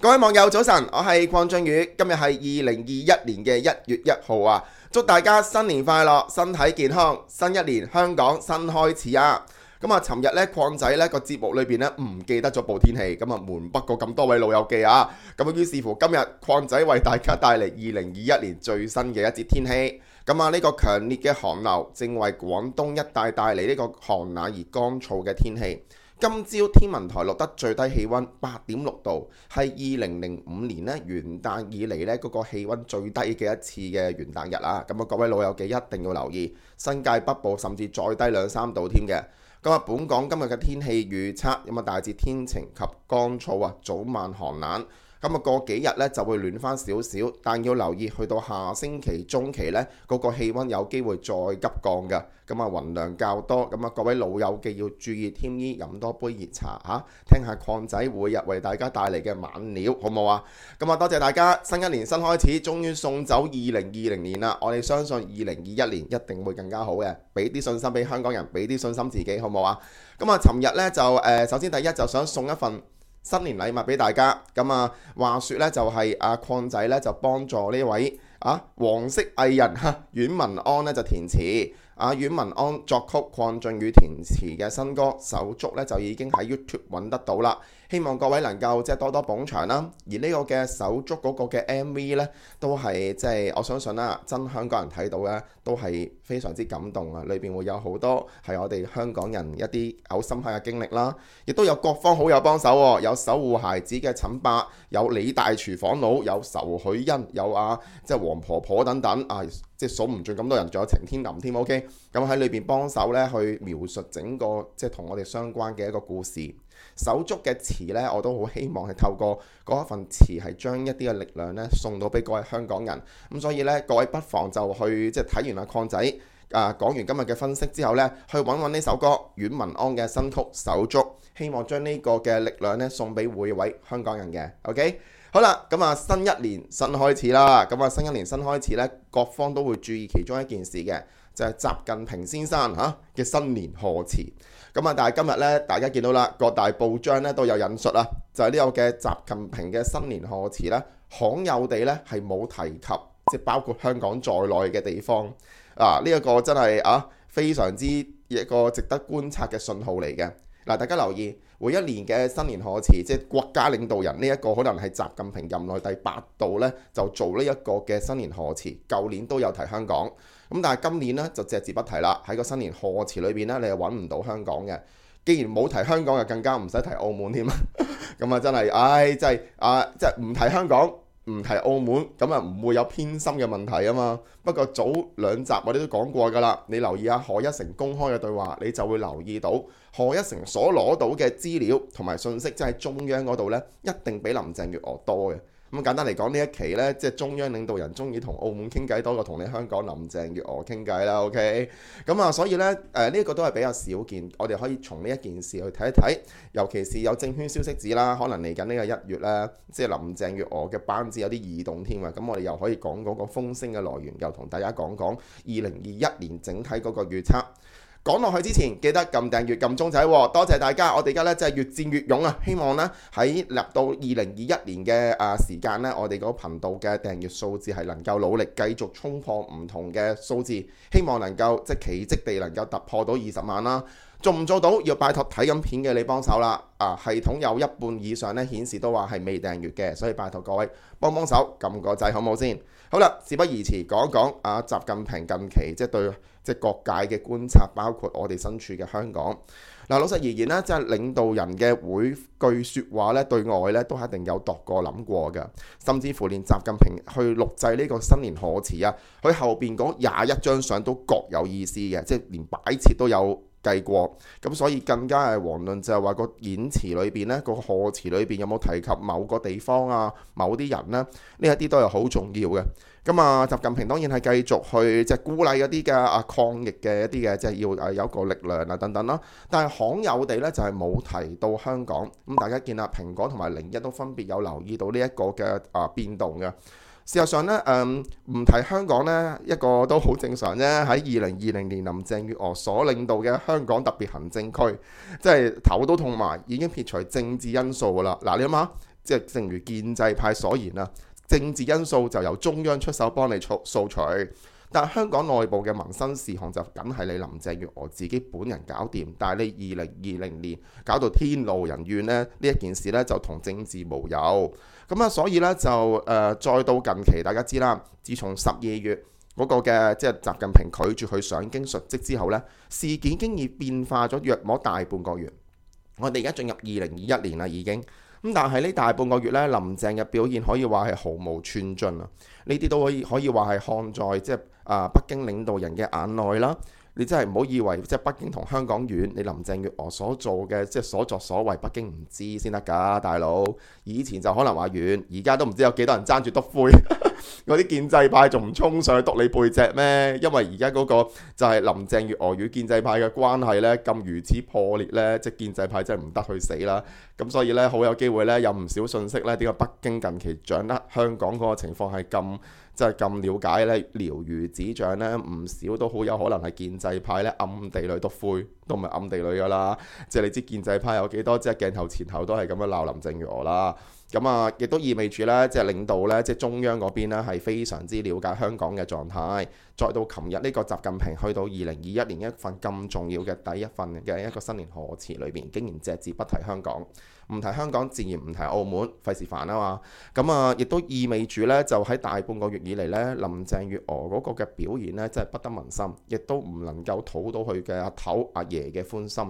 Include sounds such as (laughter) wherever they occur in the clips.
各位網友早晨，我係鄺俊宇，今日係二零二一年嘅一月一號啊！祝大家新年快樂，身體健康，新一年香港新開始啊！咁啊，尋日咧鄺仔咧個節目裏邊咧唔記得咗報天氣，咁啊瞞不過咁多位老友記啊！咁啊，於是乎今日鄺仔為大家帶嚟二零二一年最新嘅一節天氣。咁啊，呢個強烈嘅寒流正為廣東一帶帶嚟呢個寒冷而乾燥嘅天氣。今朝天文台錄得最低氣温八點六度，係二零零五年呢元旦以嚟呢嗰個氣温最低嘅一次嘅元旦日啊！咁啊，各位老友記一定要留意，新界北部甚至再低兩三度添嘅。咁啊，本港今日嘅天氣預測，咁啊，大致天晴及乾燥啊，早晚寒冷。咁啊，過幾日呢就會暖翻少少，但要留意去到下星期中期呢，嗰個氣温有機會再急降嘅。咁啊，雲量較多，咁啊，各位老友記要注意添衣，飲多杯熱茶吓，聽下鄺仔每日為大家帶嚟嘅猛料，好唔好啊？咁啊，多謝大家，新一年新開始，終於送走二零二零年啦！我哋相信二零二一年一定會更加好嘅，俾啲信心俾香港人，俾啲信心自己，好唔好啊？咁啊，尋日呢，就誒，首先第一就想送一份。新年禮物俾大家，咁啊話説呢，就係阿鄺仔呢，就幫助呢位啊黃色藝人嚇阮文安呢，就填詞，啊阮文安作曲，鄺俊宇填詞嘅新歌《手足》呢，就已經喺 YouTube 揾得到啦，希望各位能夠即係多多捧場啦。而呢個嘅《手足》嗰個嘅 MV 呢，都係即係我相信啦，真香港人睇到呢都係。非常之感動啊！裏邊會有好多係我哋香港人一啲好深刻嘅經歷啦，亦都有各方好友幫手喎，有守護孩子嘅陳伯，有李大廚房佬，有仇許欣，有啊即係黃婆婆等等啊，即係數唔盡咁多人，仲有程天林添，OK，咁喺裏邊幫手呢，去描述整個即係同我哋相關嘅一個故事。手足嘅詞呢，我都好希望係透過嗰一份詞，係將一啲嘅力量呢送到俾各位香港人。咁所以呢，各位不妨就去即係睇完阿鄺仔啊講完今日嘅分析之後呢，去揾揾呢首歌《阮文安》嘅新曲《手足》，希望將呢個嘅力量呢送俾每位香港人嘅。OK，好啦，咁啊新一年新開始啦，咁啊新一年新開始呢，各方都會注意其中一件事嘅，就係、是、習近平先生嚇嘅新年賀詞。咁啊！但係今日咧，大家見到啦，各大報章咧都有引述啦，就係、是、呢個嘅習近平嘅新年賀詞咧，罕有地咧係冇提及即係包括香港在內嘅地方啊！呢、這、一個真係啊非常之一個值得觀察嘅信號嚟嘅。嗱，大家留意每一年嘅新年賀詞，即係國家領導人呢一個可能係習近平任內第八度咧就做呢一個嘅新年賀詞，舊年都有提香港。咁但係今年咧就隻字不提啦，喺個新年賀詞裏邊咧，你係揾唔到香港嘅。既然冇提香港，就更加唔使提澳門添。咁 (laughs) 啊真係，唉、哎，真係啊，即係唔提香港，唔提澳門，咁啊唔會有偏心嘅問題啊嘛。不過早兩集我哋都講過㗎啦，你留意下賀一誠公開嘅對話，你就會留意到賀一誠所攞到嘅資料同埋信息，即係中央嗰度呢，一定比林鄭月娥多嘅。咁簡單嚟講，呢一期呢，即係中央領導人中意同澳門傾偈多過同你香港林鄭月娥傾偈啦。OK，咁啊，所以呢，誒呢個都係比較少見，我哋可以從呢一件事去睇一睇，尤其是有證券消息指啦，可能嚟緊呢個一月啦，即係林鄭月娥嘅班子有啲異動添啊，咁我哋又可以講嗰個風聲嘅來源，又同大家講講二零二一年整體嗰個預測。講落去之前，記得撳訂閱、撳鐘仔，多謝大家！我哋而家咧真係越戰越勇啊！希望呢，喺入到二零二一年嘅啊時間呢，我哋個頻道嘅訂閱數字係能夠努力繼續衝破唔同嘅數字，希望能夠即係奇蹟地能夠突破到二十萬啦！做唔做到？要拜託睇緊片嘅你幫手啦！啊，系統有一半以上咧顯示都話係未訂閲嘅，所以拜託各位幫幫手，撳個掣好冇先。好啦，事不宜遲，講一講啊，習近平近期即係對即係各界嘅觀察，包括我哋身處嘅香港嗱、啊。老實而言咧，即係領導人嘅每句説話咧，對外咧都一定有度過諗過嘅，甚至乎連習近平去錄製呢個新年賀詞啊，佢後邊嗰廿一張相都各有意思嘅，即係連擺設都有。計過咁，所以更加係遑論就係話個演辭裏邊咧，個賀辭裏邊有冇提及某個地方啊、某啲人咧？呢一啲都係好重要嘅。咁、嗯、啊，習近平當然係繼續去即係、就是、鼓勵一啲嘅啊抗疫嘅一啲嘅，即、就、係、是、要啊有個力量啊等等啦。但係罕有地呢，就係冇提到香港。咁、嗯、大家見啦，蘋果同埋零一都分別有留意到呢一個嘅啊變動嘅。事實上咧，誒、嗯、唔提香港咧，一個都好正常啫。喺二零二零年林鄭月娥所領導嘅香港特別行政區，即係頭都痛埋，已經撇除政治因素噶啦。嗱，你諗下，即係正如建制派所言啊，政治因素就由中央出手幫你掃掃除。但香港內部嘅民生事項就梗係你林鄭月娥自己本人搞掂，但係你二零二零年搞到天怒人怨呢，呢一件事呢就同政治無有咁啊、嗯！所以呢就誒、呃，再到近期大家知啦，自從十二月嗰、那個嘅即係習近平拒絕佢上京述職之後呢，事件已經已變化咗約摸大半個月。我哋而家進入二零二一年啦，已經咁，但係呢大半個月呢，林鄭嘅表現可以話係毫無寸進啊！呢啲都可以可以話係看在即係。啊！北京領導人嘅眼內啦，你真係唔好以為即係北京同香港遠，你林鄭月娥所做嘅即係所作所為，北京唔知先得㗎，大佬。以前就可能話遠，而家都唔知有幾多人爭住篤灰。 (laughs) 嗰啲建制派仲唔衝上去督你背脊咩？因為而家嗰個就係林鄭月娥與建制派嘅關係呢，咁如此破裂呢，即係建制派真係唔得去死啦。咁所以呢，好有機會呢，有唔少信息呢，點解北京近期掌握香港嗰個情況係咁即係咁了解呢？瞭如指掌呢，唔少都好有可能係建制派呢暗地裏督灰，都唔係暗地裏㗎啦。即係你知建制派有幾多隻鏡頭前後都係咁樣鬧林鄭月娥啦。咁啊，亦都意味住咧，即係領導咧，即係中央嗰邊咧，係非常之了解香港嘅狀態。再到琴日呢個習近平去到二零二一年一份咁重要嘅第一份嘅一個新年賀詞裏邊，竟然只字不提香港。唔提香港，自然唔提澳門，費事煩啊嘛。咁啊，亦都意味住呢，就喺大半個月以嚟呢，林鄭月娥嗰個嘅表現呢，真係不得民心，亦都唔能夠討到佢嘅阿頭阿爺嘅歡心。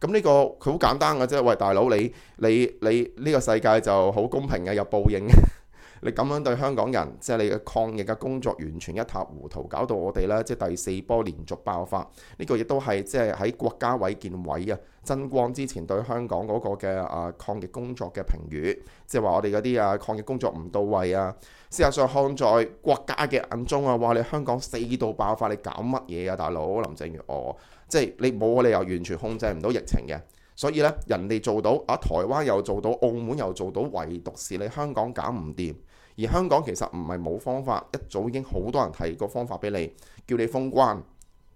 咁呢個佢好簡單嘅啫，喂，大佬，你你你呢個世界就好公平嘅，有報應 (laughs) 你咁樣對香港人，即係你嘅抗疫嘅工作完全一塌糊塗，搞到我哋呢，即係第四波連續爆發。呢個亦都係即係喺國家委建委啊，增光之前對香港嗰個嘅啊抗疫工作嘅評語，即係話我哋嗰啲啊抗疫工作唔到位啊。事實上看在國家嘅眼中啊，哇！你香港四度爆發，你搞乜嘢啊，大佬林鄭月娥？即係你冇理由完全控制唔到疫情嘅。所以呢，人哋做到啊，台灣又做到，澳門又做到，唯獨是你香港搞唔掂。而香港其實唔係冇方法，一早已經好多人提個方法俾你，叫你封關。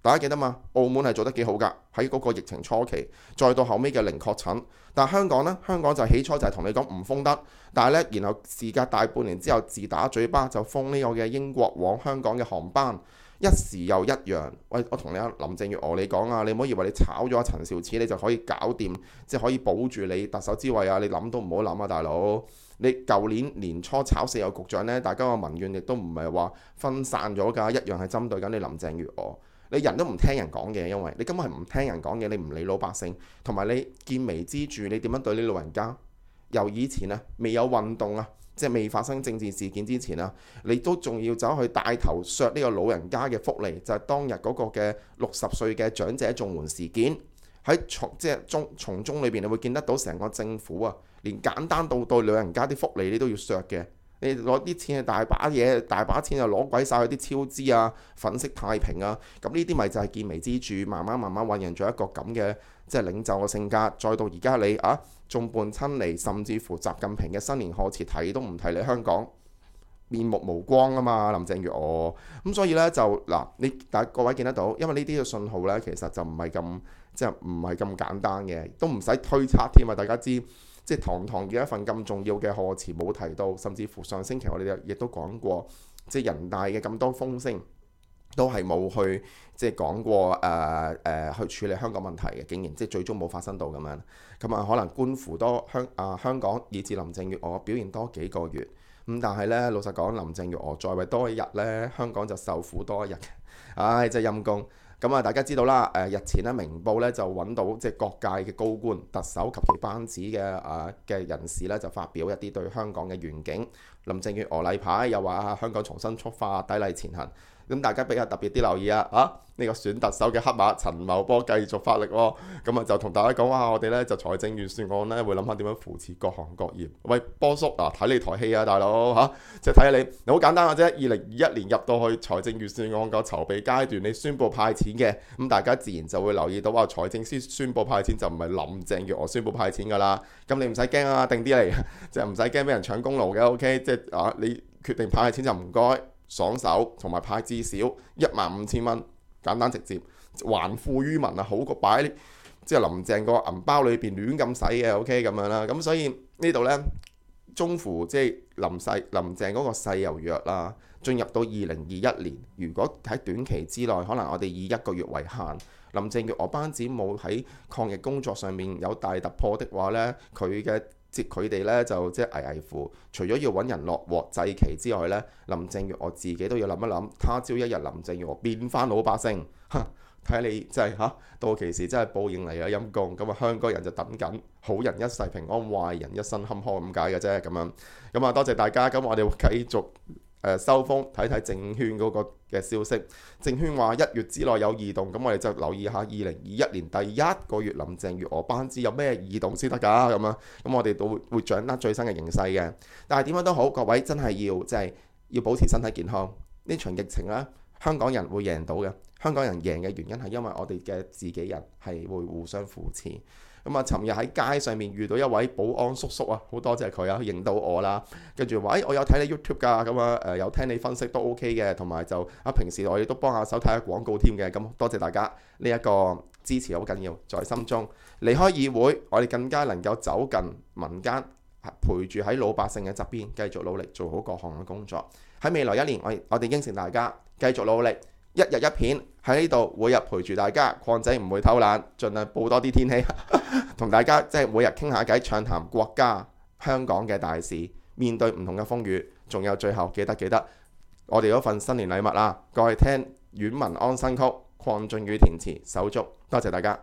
大家記得嘛？澳門係做得幾好㗎，喺嗰個疫情初期，再到後尾嘅零確診。但香港呢，香港就起初就係同你講唔封得，但係呢，然後事隔大半年之後，自打嘴巴就封呢個嘅英國往香港嘅航班。一時又一樣，喂！我同你啊，林鄭月娥，你講啊，你唔可以話你炒咗阿陳肇始，你就可以搞掂，即係可以保住你特首之位啊！你諗都唔好諗啊，大佬！你舊年年初炒四個局長呢，大家個民怨亦都唔係話分散咗㗎，一樣係針對緊你林鄭月娥。你人都唔聽人講嘅，因為你根本係唔聽人講嘅，你唔理老百姓，同埋你見微知著，你點樣對你老人家？由以前啊，未有運動啊。即係未發生政治事件之前啦，你都仲要走去帶頭削呢個老人家嘅福利，就係、是、當日嗰個嘅六十歲嘅長者綜援事件，喺從即係中從中裏邊，你會見得到成個政府啊，連簡單到對老人家啲福利你都要削嘅。你攞啲錢係大把嘢，大把錢就攞鬼曬啲超支啊、粉飾太平啊，咁呢啲咪就係見微知著，慢慢慢慢運營咗一個咁嘅即係領袖嘅性格，再到而家你啊眾叛親離，甚至乎習近平嘅新年賀詞提都唔提你香港面目無光啊嘛，林鄭月娥咁，所以呢，就嗱你大家各位見得到，因為呢啲嘅信號呢，其實就唔係咁即係唔係咁簡單嘅，都唔使推測添啊，大家知。即係堂堂嘅一份咁重要嘅賀詞冇提到，甚至乎上星期我哋亦都講過，即係人大嘅咁多風聲都係冇去即係講過、誒誒、呃呃、去處理香港問題嘅，竟然即係最終冇發生到咁樣，咁啊可能官乎觀乎多香啊香港以至林鄭月娥表現多幾個月，咁但係咧老實講，林鄭月娥在位多一日咧，香港就受苦多一日，唉、哎、真係陰公。咁啊，大家知道啦，誒日前咧，《明報》咧就揾到即係各界嘅高官、特首及其班子嘅啊嘅人士咧，就發表一啲對香港嘅願景。林鄭月娥例牌又話香港重新出發，砥礪前行。咁大家比較特別啲留意啊，嚇、這、呢個選特首嘅黑馬陳茂波繼續發力喎。咁啊就同大家講話，我哋呢就財政預算案呢會諗下點樣扶持各行各業。喂，波叔啊，睇你台戲啊，大佬嚇，即係睇下你。你好簡單嘅、啊、啫，二零二一年入到去財政預算案個籌備階段，你宣布派錢嘅，咁大家自然就會留意到話財政司宣布派錢，就唔係林鄭月娥宣布派錢㗎啦。咁你唔使驚啊，定啲嚟，即係唔使驚俾人搶功勞嘅，OK。啊！你決定派錢就唔該，爽手同埋派至少一萬五千蚊，簡單直接，還富於民啊，好過擺即係林鄭個銀包裏邊亂咁使嘅。OK 咁樣啦，咁所以呢度呢，中乎即係林世林鄭嗰個世幼約啦。進入到二零二一年，如果喺短期之內，可能我哋以一個月為限，林鄭月娥班子冇喺抗疫工作上面有大突破的話呢，佢嘅。接佢哋咧就即係危危乎乎。除咗要揾人落鑊祭旗之外呢，林鄭月我自己都要諗一諗，他朝一日林鄭月變翻老百姓，嚇睇你真係嚇到期時真係報應嚟啊，陰公咁啊，香港人就等緊好人一世平安，壞人一生坎坷咁解嘅啫咁樣，咁啊多謝大家，咁我哋會繼續。誒收風睇睇政圈嗰個嘅消息，政圈話一月之內有異動，咁我哋就留意下二零二一年第一個月林鄭月娥班子有咩異動先得㗎咁啊！咁我哋都會掌握最新嘅形勢嘅。但係點樣都好，各位真係要即係、就是、要保持身體健康。呢場疫情咧，香港人會贏到嘅。香港人贏嘅原因係因為我哋嘅自己人係會互相扶持。咁啊，尋日喺街上面遇到一位保安叔叔啊，好多謝佢啊，認到我啦，跟住話：誒，我有睇你 YouTube 㗎，咁啊，誒，有聽你分析都 OK 嘅，同埋就啊，平時我哋都幫下手睇下廣告添嘅，咁多謝大家呢一個支持好緊要，在心中離開議會，我哋更加能夠走近民間，陪住喺老百姓嘅側邊，繼續努力做好各項嘅工作。喺未來一年，我我哋應承大家，繼續努力。一日一片喺呢度，每日陪住大家，鄺仔唔會偷懶，盡量報多啲天氣，同 (laughs) 大家即係每日傾下偈，暢談國家香港嘅大事。面對唔同嘅風雨，仲有最後記得記得，我哋嗰份新年禮物啦，過去聽《阮文安新曲》，鄺俊宇填詞手足，多謝大家。